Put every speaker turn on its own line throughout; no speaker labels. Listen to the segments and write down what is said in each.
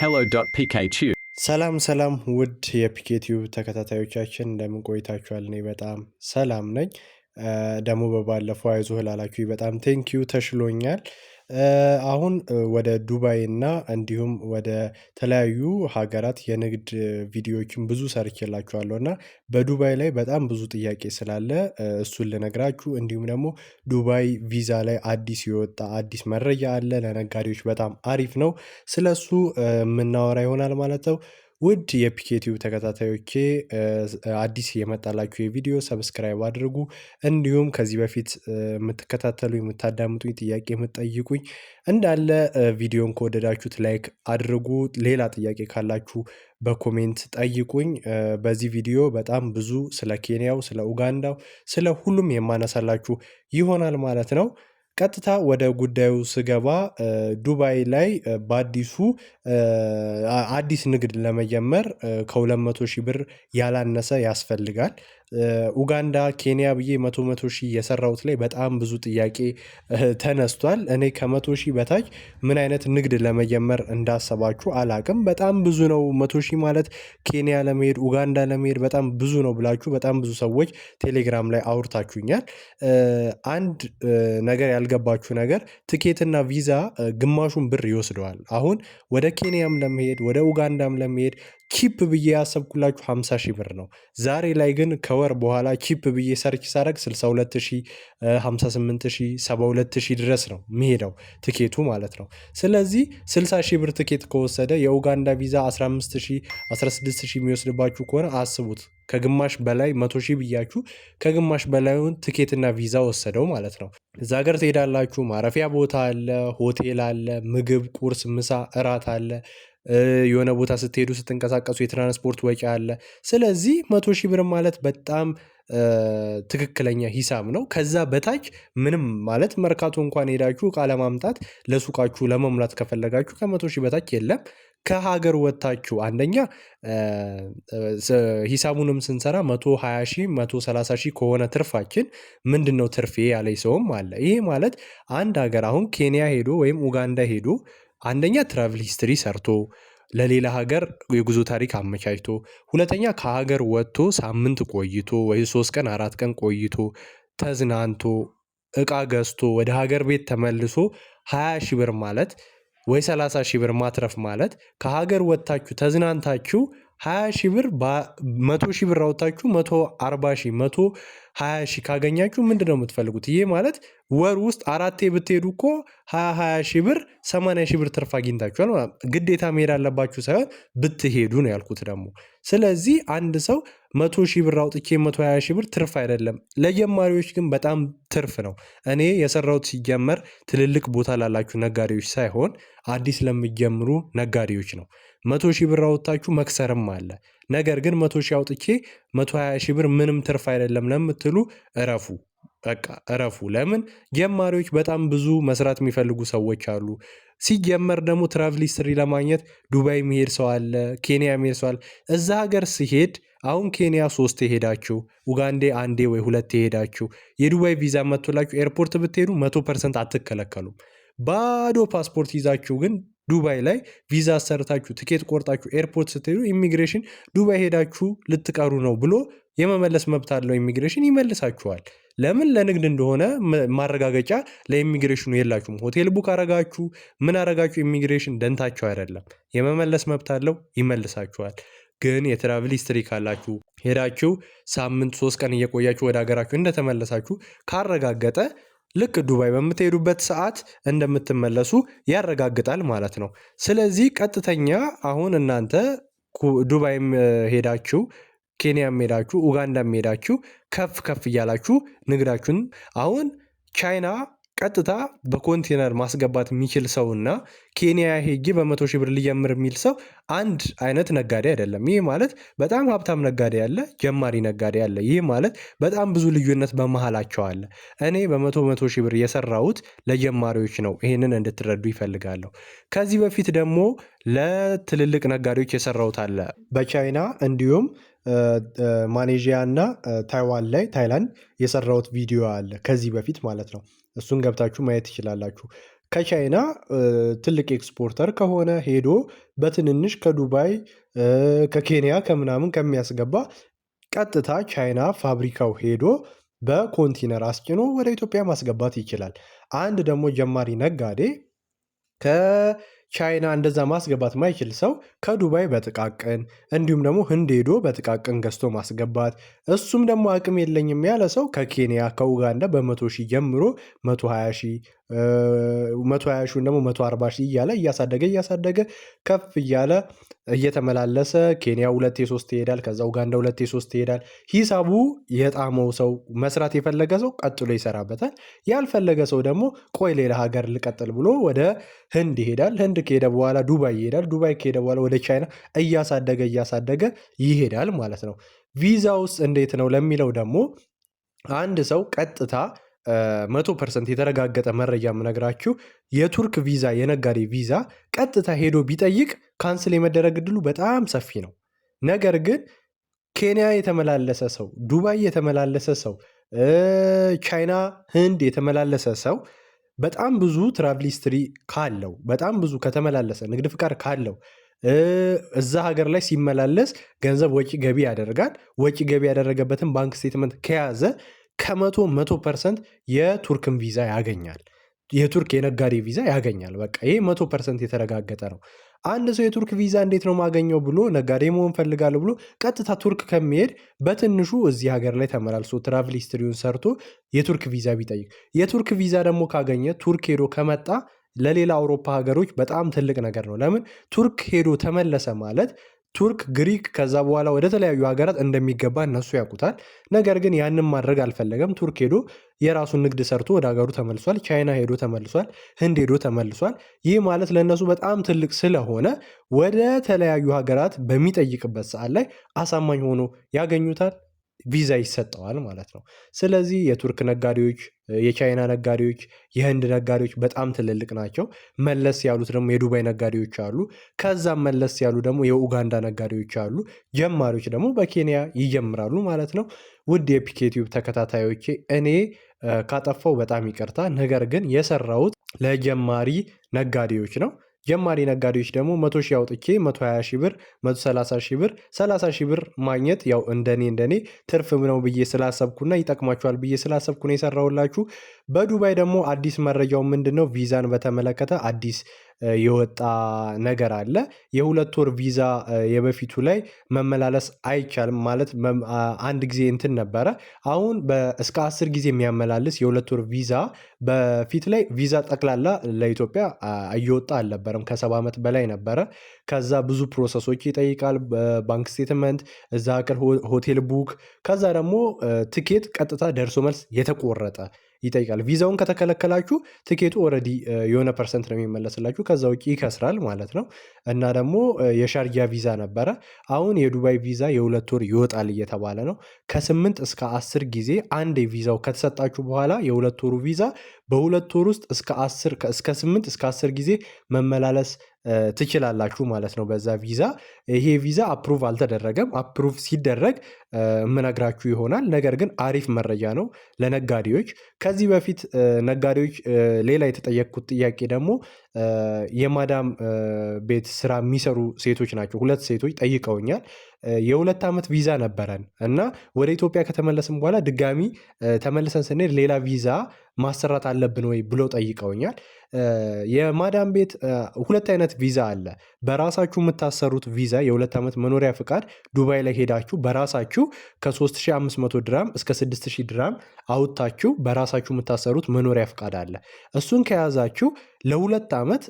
hello.pkq. ሰላም ሰላም ውድ የፒኬቲዩብ ተከታታዮቻችን እንደምን ቆይታችኋል? እኔ በጣም ሰላም ነኝ። ደግሞ በባለፈው አይዞህ ላላችሁ በጣም ቴንኪዩ ተሽሎኛል። አሁን ወደ ዱባይ እና እንዲሁም ወደ ተለያዩ ሀገራት የንግድ ቪዲዮዎችን ብዙ ሰርቼላችኋለሁ እና በዱባይ ላይ በጣም ብዙ ጥያቄ ስላለ እሱን ልነግራችሁ እንዲሁም ደግሞ ዱባይ ቪዛ ላይ አዲስ የወጣ አዲስ መረጃ አለ ለነጋዴዎች በጣም አሪፍ ነው። ስለሱ የምናወራ ይሆናል ማለት ነው ውድ የፒኬቲዩብ ተከታታዮቼ አዲስ የመጣላችሁ የቪዲዮ ሰብስክራይብ አድርጉ። እንዲሁም ከዚህ በፊት የምትከታተሉ የምታዳምጡኝ፣ ጥያቄ የምትጠይቁኝ እንዳለ ቪዲዮን ከወደዳችሁት ላይክ አድርጉ። ሌላ ጥያቄ ካላችሁ በኮሜንት ጠይቁኝ። በዚህ ቪዲዮ በጣም ብዙ ስለ ኬንያው፣ ስለ ኡጋንዳው፣ ስለ ሁሉም የማነሳላችሁ ይሆናል ማለት ነው። ቀጥታ ወደ ጉዳዩ ስገባ ዱባይ ላይ በአዲሱ አዲስ ንግድ ለመጀመር ከ 200 ሺህ ብር ያላነሰ ያስፈልጋል ኡጋንዳ ኬንያ ብዬ መቶ መቶ ሺህ የሰራሁት ላይ በጣም ብዙ ጥያቄ ተነስቷል። እኔ ከመቶ ሺህ በታች ምን አይነት ንግድ ለመጀመር እንዳሰባችሁ አላቅም በጣም ብዙ ነው መቶ ሺህ ማለት ኬንያ ለመሄድ ኡጋንዳ ለመሄድ በጣም ብዙ ነው ብላችሁ በጣም ብዙ ሰዎች ቴሌግራም ላይ አውርታችሁኛል። አንድ ነገር ያልገባችሁ ነገር ትኬትና ቪዛ ግማሹን ብር ይወስደዋል። አሁን ወደ ኬንያም ለመሄድ ወደ ኡጋንዳም ለመሄድ ኪፕ ብዬ ያሰብኩላችሁ 50 ሺህ ብር ነው። ዛሬ ላይ ግን ከ ከወር በኋላ ቺፕ ብዬ ሰርች ሳደርግ 62 ድረስ ነው የሚሄደው ትኬቱ ማለት ነው። ስለዚህ 60 ሺህ ብር ትኬት ከወሰደ የኡጋንዳ ቪዛ 15 16 የሚወስድባችሁ ከሆነ አስቡት። ከግማሽ በላይ መቶ ሺህ ብያችሁ ከግማሽ በላይውን ትኬትና ቪዛ ወሰደው ማለት ነው። እዛ ሀገር ትሄዳላችሁ። ማረፊያ ቦታ አለ፣ ሆቴል አለ፣ ምግብ፣ ቁርስ፣ ምሳ፣ እራት አለ የሆነ ቦታ ስትሄዱ ስትንቀሳቀሱ የትራንስፖርት ወጪ አለ። ስለዚህ መቶ ሺህ ብር ማለት በጣም ትክክለኛ ሂሳብ ነው። ከዛ በታች ምንም ማለት መርካቶ እንኳን ሄዳችሁ እቃ ለማምጣት ለሱቃችሁ ለመሙላት ከፈለጋችሁ ከመቶ ሺህ በታች የለም። ከሀገር ወጥታችሁ አንደኛ ሂሳቡንም ስንሰራ መቶ ሀያ ሺህ መቶ ሰላሳ ሺህ ከሆነ ትርፋችን ምንድን ነው ትርፌ ያለኝ ሰውም አለ። ይሄ ማለት አንድ ሀገር አሁን ኬንያ ሄዶ ወይም ኡጋንዳ ሄዶ አንደኛ ትራቭል ሂስትሪ ሰርቶ ለሌላ ሀገር የጉዞ ታሪክ አመቻችቶ፣ ሁለተኛ ከሀገር ወጥቶ ሳምንት ቆይቶ ወይ ሶስት ቀን አራት ቀን ቆይቶ ተዝናንቶ እቃ ገዝቶ ወደ ሀገር ቤት ተመልሶ ሀያ ሺህ ብር ማለት ወይ ሰላሳ ሺህ ብር ማትረፍ ማለት ከሀገር ወጥታችሁ ተዝናንታችሁ ሀያ ሺህ ብር መቶ ሺህ ብር አውጥታችሁ መቶ አርባ ሺህ መቶ ሀያ ሺህ ካገኛችሁ ምንድን ነው የምትፈልጉት? ይህ ማለት ወር ውስጥ አራቴ ብትሄዱ እኮ ሀያ ሀያ ሺህ ብር ሰማንያ ሺህ ብር ትርፍ አግኝታችኋል። ግዴታ መሄድ አለባችሁ ሳይሆን ብትሄዱ ነው ያልኩት ደግሞ። ስለዚህ አንድ ሰው መቶ ሺህ ብር አውጥቼ መቶ ሀያ ሺህ ብር ትርፍ አይደለም፣ ለጀማሪዎች ግን በጣም ትርፍ ነው። እኔ የሰራሁት ሲጀመር ትልልቅ ቦታ ላላችሁ ነጋዴዎች ሳይሆን አዲስ ለሚጀምሩ ነጋዴዎች ነው። መቶ ሺህ ብር አወጣችሁ መክሰርም አለ። ነገር ግን መቶ ሺህ አውጥቼ መቶ ሀያ ሺህ ብር ምንም ትርፍ አይደለም ለምትሉ እረፉ። በቃ እረፉ። ለምን ጀማሪዎች በጣም ብዙ መስራት የሚፈልጉ ሰዎች አሉ። ሲጀመር ደግሞ ትራቭል ሂስትሪ ለማግኘት ዱባይ መሄድ ሰው አለ፣ ኬንያ መሄድ ሰው አለ። እዛ ሀገር ሲሄድ አሁን ኬንያ ሶስት የሄዳችሁ ኡጋንዴ አንዴ ወይ ሁለት የሄዳችሁ የዱባይ ቪዛ መጥቶላችሁ ኤርፖርት ብትሄዱ መቶ ፐርሰንት አትከለከሉም። ባዶ ፓስፖርት ይዛችሁ ግን ዱባይ ላይ ቪዛ ሰርታችሁ ትኬት ቆርጣችሁ ኤርፖርት ስትሄዱ ኢሚግሬሽን ዱባይ ሄዳችሁ ልትቀሩ ነው ብሎ የመመለስ መብት አለው። ኢሚግሬሽን ይመልሳችኋል። ለምን? ለንግድ እንደሆነ ማረጋገጫ ለኢሚግሬሽኑ የላችሁም። ሆቴል ቡክ አረጋችሁ፣ ምን አረጋችሁ፣ ኢሚግሬሽን ደንታቸው አይደለም። የመመለስ መብት አለው፣ ይመልሳችኋል። ግን የትራቭል ሂስትሪ ካላችሁ ሄዳችሁ ሳምንት ሶስት ቀን እየቆያችሁ ወደ ሀገራችሁ እንደተመለሳችሁ ካረጋገጠ ልክ ዱባይ በምትሄዱበት ሰዓት እንደምትመለሱ ያረጋግጣል ማለት ነው። ስለዚህ ቀጥተኛ አሁን እናንተ ዱባይም ሄዳችሁ ኬንያም ሄዳችሁ ኡጋንዳም ሄዳችሁ ከፍ ከፍ እያላችሁ ንግዳችሁን አሁን ቻይና ቀጥታ በኮንቴነር ማስገባት የሚችል ሰው እና ኬንያ ሄጄ በመቶ ሺህ ብር ልጀምር የሚል ሰው አንድ አይነት ነጋዴ አይደለም። ይህ ማለት በጣም ሀብታም ነጋዴ ያለ፣ ጀማሪ ነጋዴ ያለ፣ ይህ ማለት በጣም ብዙ ልዩነት በመሃላቸው አለ። እኔ በመቶ መቶ ሺህ ብር የሰራሁት ለጀማሪዎች ነው። ይህንን እንድትረዱ ይፈልጋለሁ። ከዚህ በፊት ደግሞ ለትልልቅ ነጋዴዎች የሰራሁት አለ በቻይና እንዲሁም ማሌዥያ እና ታይዋን ላይ ታይላንድ የሰራሁት ቪዲዮ አለ ከዚህ በፊት ማለት ነው። እሱን ገብታችሁ ማየት ትችላላችሁ። ከቻይና ትልቅ ኤክስፖርተር ከሆነ ሄዶ በትንንሽ ከዱባይ ከኬንያ ከምናምን ከሚያስገባ ቀጥታ ቻይና ፋብሪካው ሄዶ በኮንቲነር አስጭኖ ወደ ኢትዮጵያ ማስገባት ይችላል። አንድ ደግሞ ጀማሪ ነጋዴ ቻይና እንደዛ ማስገባት ማይችል ሰው ከዱባይ በጥቃቅን እንዲሁም ደግሞ ህንድ ሄዶ በጥቃቅን ገዝቶ ማስገባት እሱም ደግሞ አቅም የለኝም ያለ ሰው ከኬንያ ከኡጋንዳ በመቶ ሺህ ጀምሮ መቶ ሀያ ሺህ መቶ ሀያ ሺውን ደግሞ መቶ አርባ ሺ እያለ እያሳደገ እያሳደገ ከፍ እያለ እየተመላለሰ ኬንያ ሁለቴ ሶስት ይሄዳል። ከዛ ኡጋንዳ ሁለቴ ሶስት ይሄዳል። ሂሳቡ የጣመው ሰው መስራት የፈለገ ሰው ቀጥሎ ይሰራበታል። ያልፈለገ ሰው ደግሞ ቆይ ሌላ ሀገር ልቀጥል ብሎ ወደ ህንድ ይሄዳል። ህንድ ከሄደ በኋላ ዱባይ ይሄዳል። ዱባይ ከሄደ በኋላ ወደ ቻይና እያሳደገ እያሳደገ ይሄዳል ማለት ነው። ቪዛ ውስጥ እንዴት ነው ለሚለው ደግሞ አንድ ሰው ቀጥታ መቶ ፐርሰንት የተረጋገጠ መረጃ የምነግራችሁ የቱርክ ቪዛ የነጋዴ ቪዛ ቀጥታ ሄዶ ቢጠይቅ ካንስል የመደረግ እድሉ በጣም ሰፊ ነው። ነገር ግን ኬንያ የተመላለሰ ሰው፣ ዱባይ የተመላለሰ ሰው፣ ቻይና፣ ህንድ የተመላለሰ ሰው በጣም ብዙ ትራቭል ሂስትሪ ካለው በጣም ብዙ ከተመላለሰ ንግድ ፍቃድ ካለው እዛ ሀገር ላይ ሲመላለስ ገንዘብ ወጪ ገቢ ያደርጋል። ወጪ ገቢ ያደረገበትን ባንክ ስቴትመንት ከያዘ ከመቶ መቶ ፐርሰንት የቱርክን ቪዛ ያገኛል። የቱርክ የነጋዴ ቪዛ ያገኛል። በቃ ይሄ መቶ ፐርሰንት የተረጋገጠ ነው። አንድ ሰው የቱርክ ቪዛ እንዴት ነው ማገኘው ብሎ ነጋዴ መሆን ፈልጋለሁ ብሎ ቀጥታ ቱርክ ከሚሄድ በትንሹ እዚህ ሀገር ላይ ተመላልሶ ትራቭል ሂስትሪውን ሰርቶ የቱርክ ቪዛ ቢጠይቅ የቱርክ ቪዛ ደግሞ ካገኘ ቱርክ ሄዶ ከመጣ ለሌላ አውሮፓ ሀገሮች በጣም ትልቅ ነገር ነው። ለምን ቱርክ ሄዶ ተመለሰ ማለት ቱርክ፣ ግሪክ ከዛ በኋላ ወደ ተለያዩ ሀገራት እንደሚገባ እነሱ ያውቁታል። ነገር ግን ያንን ማድረግ አልፈለገም። ቱርክ ሄዶ የራሱን ንግድ ሰርቶ ወደ ሀገሩ ተመልሷል። ቻይና ሄዶ ተመልሷል። ህንድ ሄዶ ተመልሷል። ይህ ማለት ለእነሱ በጣም ትልቅ ስለሆነ ወደ ተለያዩ ሀገራት በሚጠይቅበት ሰዓት ላይ አሳማኝ ሆኖ ያገኙታል። ቪዛ ይሰጠዋል ማለት ነው። ስለዚህ የቱርክ ነጋዴዎች፣ የቻይና ነጋዴዎች፣ የህንድ ነጋዴዎች በጣም ትልልቅ ናቸው። መለስ ያሉት ደግሞ የዱባይ ነጋዴዎች አሉ። ከዛም መለስ ያሉ ደግሞ የኡጋንዳ ነጋዴዎች አሉ። ጀማሪዎች ደግሞ በኬንያ ይጀምራሉ ማለት ነው። ውድ የፒኬቲዩብ ተከታታዮቼ እኔ ካጠፋው በጣም ይቅርታ፣ ነገር ግን የሰራሁት ለጀማሪ ነጋዴዎች ነው። ጀማሪ ነጋዴዎች ደግሞ መቶ ሺህ አውጥቼ መቶ ሀያ ሺህ ብር መቶ ሰላሳ ሺህ ብር ሰላሳ ሺህ ብር ማግኘት ያው እንደኔ እንደኔ ትርፍ ነው ብዬ ስላሰብኩና ይጠቅማችኋል ብዬ ስላሰብኩ ነው የሰራሁላችሁ። በዱባይ ደግሞ አዲስ መረጃው ምንድን ነው? ቪዛን በተመለከተ አዲስ የወጣ ነገር አለ። የሁለት ወር ቪዛ የበፊቱ ላይ መመላለስ አይቻልም ማለት አንድ ጊዜ እንትን ነበረ። አሁን እስከ አስር ጊዜ የሚያመላልስ የሁለት ወር ቪዛ በፊት ላይ ቪዛ ጠቅላላ ለኢትዮጵያ እየወጣ አልነበረም። ከሰባ ዓመት በላይ ነበረ። ከዛ ብዙ ፕሮሰሶች ይጠይቃል። ባንክ ስቴትመንት፣ እዛ ቅር ሆቴል ቡክ፣ ከዛ ደግሞ ትኬት ቀጥታ ደርሶ መልስ የተቆረጠ ይጠይቃል። ቪዛውን ከተከለከላችሁ ትኬቱ ኦልሬዲ የሆነ ፐርሰንት ነው የሚመለስላችሁ፣ ከዛ ውጭ ይከስራል ማለት ነው። እና ደግሞ የሻርጃ ቪዛ ነበረ። አሁን የዱባይ ቪዛ የሁለት ወር ይወጣል እየተባለ ነው። ከስምንት እስከ አስር ጊዜ አንድ ቪዛው ከተሰጣችሁ በኋላ የሁለት ወሩ ቪዛ በሁለት ወር ውስጥ እስከ ስምንት እስከ አስር ጊዜ መመላለስ ትችላላችሁ ማለት ነው በዛ ቪዛ። ይሄ ቪዛ አፕሩቭ አልተደረገም። አፕሩቭ ሲደረግ የምነግራችሁ ይሆናል። ነገር ግን አሪፍ መረጃ ነው ለነጋዴዎች። ከዚህ በፊት ነጋዴዎች ሌላ የተጠየቅኩት ጥያቄ ደግሞ የማዳም ቤት ስራ የሚሰሩ ሴቶች ናቸው። ሁለት ሴቶች ጠይቀውኛል። የሁለት ዓመት ቪዛ ነበረን እና ወደ ኢትዮጵያ ከተመለስን በኋላ ድጋሚ ተመልሰን ስንሄድ ሌላ ቪዛ ማሰራት አለብን ወይ ብሎ ጠይቀውኛል። የማዳም ቤት ሁለት አይነት ቪዛ አለ። በራሳችሁ የምታሰሩት ቪዛ የሁለት ዓመት መኖሪያ ፍቃድ ዱባይ ላይ ሄዳችሁ በራሳችሁ ከ3500 ድራም እስከ 6000 ድራም አውጥታችሁ በራሳችሁ የምታሰሩት መኖሪያ ፍቃድ አለ። እሱን ከያዛችሁ ለሁለት ዓመት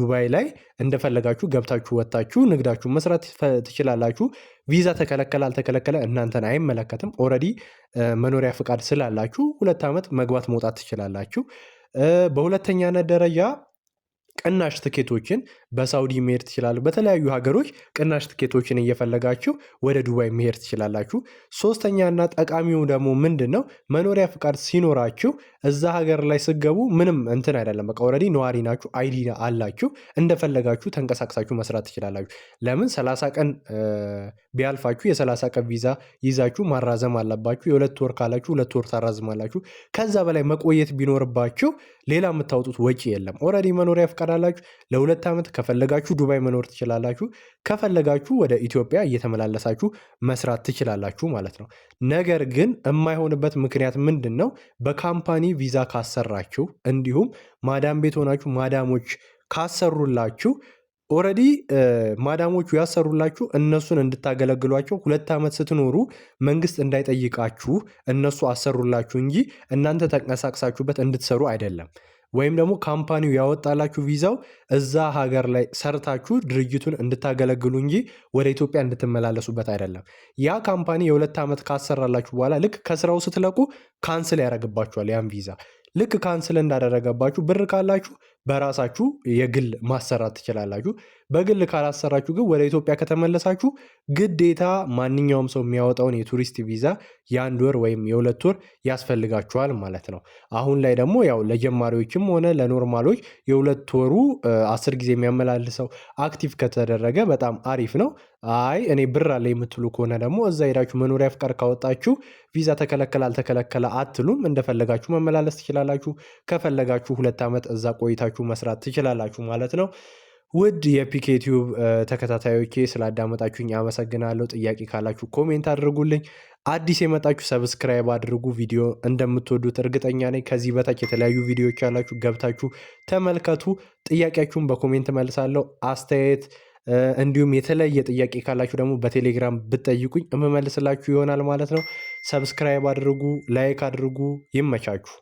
ዱባይ ላይ እንደፈለጋችሁ ገብታችሁ ወጥታችሁ ንግዳችሁ መስራት ትችላላችሁ። ቪዛ ተከለከለ አልተከለከለ እናንተን አይመለከትም። ኦልሬዲ መኖሪያ ፍቃድ ስላላችሁ ሁለት ዓመት መግባት መውጣት ትችላላችሁ። በሁለተኛነት ደረጃ ቅናሽ ትኬቶችን በሳውዲ መሄድ ትችላሉ። በተለያዩ ሀገሮች ቅናሽ ትኬቶችን እየፈለጋችሁ ወደ ዱባይ መሄድ ትችላላችሁ። ሶስተኛና ጠቃሚው ደግሞ ምንድን ነው? መኖሪያ ፍቃድ ሲኖራችሁ እዛ ሀገር ላይ ስገቡ ምንም እንትን አይደለም። በቃ ኦልሬዲ ነዋሪ ናችሁ፣ አይዲ አላችሁ፣ እንደፈለጋችሁ ተንቀሳቅሳችሁ መስራት ትችላላችሁ። ለምን ሰላሳ ቀን ቢያልፋችሁ የሰላሳ ቀን ቪዛ ይዛችሁ ማራዘም አለባችሁ። የሁለት ወር ካላችሁ ሁለት ወር ታራዝማላችሁ። ከዛ በላይ መቆየት ቢኖርባችሁ ሌላ የምታወጡት ወጪ የለም። ኦልሬዲ መኖሪያ ፈቃድ አላችሁ። ለሁለት ዓመት ከፈለጋችሁ ዱባይ መኖር ትችላላችሁ። ከፈለጋችሁ ወደ ኢትዮጵያ እየተመላለሳችሁ መስራት ትችላላችሁ ማለት ነው። ነገር ግን የማይሆንበት ምክንያት ምንድን ነው? በካምፓኒ ቪዛ ካሰራችሁ እንዲሁም ማዳም ቤት ሆናችሁ ማዳሞች ካሰሩላችሁ ኦረዲ ማዳሞቹ ያሰሩላችሁ እነሱን እንድታገለግሏቸው ሁለት ዓመት ስትኖሩ መንግስት እንዳይጠይቃችሁ እነሱ አሰሩላችሁ እንጂ እናንተ ተንቀሳቅሳችሁበት እንድትሰሩ አይደለም። ወይም ደግሞ ካምፓኒው ያወጣላችሁ ቪዛው እዛ ሀገር ላይ ሰርታችሁ ድርጅቱን እንድታገለግሉ እንጂ ወደ ኢትዮጵያ እንድትመላለሱበት አይደለም። ያ ካምፓኒ የሁለት ዓመት ካሰራላችሁ በኋላ ልክ ከስራው ስትለቁ ካንስል ያደርግባችኋል ያን ቪዛ። ልክ ካንስል እንዳደረገባችሁ ብር ካላችሁ በራሳችሁ የግል ማሰራት ትችላላችሁ። በግል ካላሰራችሁ ግን ወደ ኢትዮጵያ ከተመለሳችሁ ግዴታ ማንኛውም ሰው የሚያወጣውን የቱሪስት ቪዛ የአንድ ወር ወይም የሁለት ወር ያስፈልጋችኋል ማለት ነው። አሁን ላይ ደግሞ ያው ለጀማሪዎችም ሆነ ለኖርማሎች የሁለት ወሩ አስር ጊዜ የሚያመላልሰው አክቲቭ ከተደረገ በጣም አሪፍ ነው። አይ እኔ ብር አለ የምትሉ ከሆነ ደግሞ እዛ ሄዳችሁ መኖሪያ ፍቃድ ካወጣችሁ ቪዛ ተከለከለ አልተከለከለ አትሉም። እንደፈለጋችሁ መመላለስ ትችላላችሁ። ከፈለጋችሁ ሁለት ዓመት እዛ ቆይታችሁ አድርጋችሁ መስራት ትችላላችሁ ማለት ነው። ውድ የፒኬ ቲዩብ ተከታታዮቼ ስላዳመጣችሁኝ አመሰግናለሁ። ጥያቄ ካላችሁ ኮሜንት አድርጉልኝ። አዲስ የመጣችሁ ሰብስክራይብ አድርጉ። ቪዲዮ እንደምትወዱት እርግጠኛ ነኝ። ከዚህ በታች የተለያዩ ቪዲዮዎች ያላችሁ ገብታችሁ ተመልከቱ። ጥያቄያችሁን በኮሜንት መልሳለሁ። አስተያየት እንዲሁም የተለየ ጥያቄ ካላችሁ ደግሞ በቴሌግራም ብትጠይቁኝ እምመልስላችሁ ይሆናል ማለት ነው። ሰብስክራይብ አድርጉ፣ ላይክ አድርጉ። ይመቻችሁ።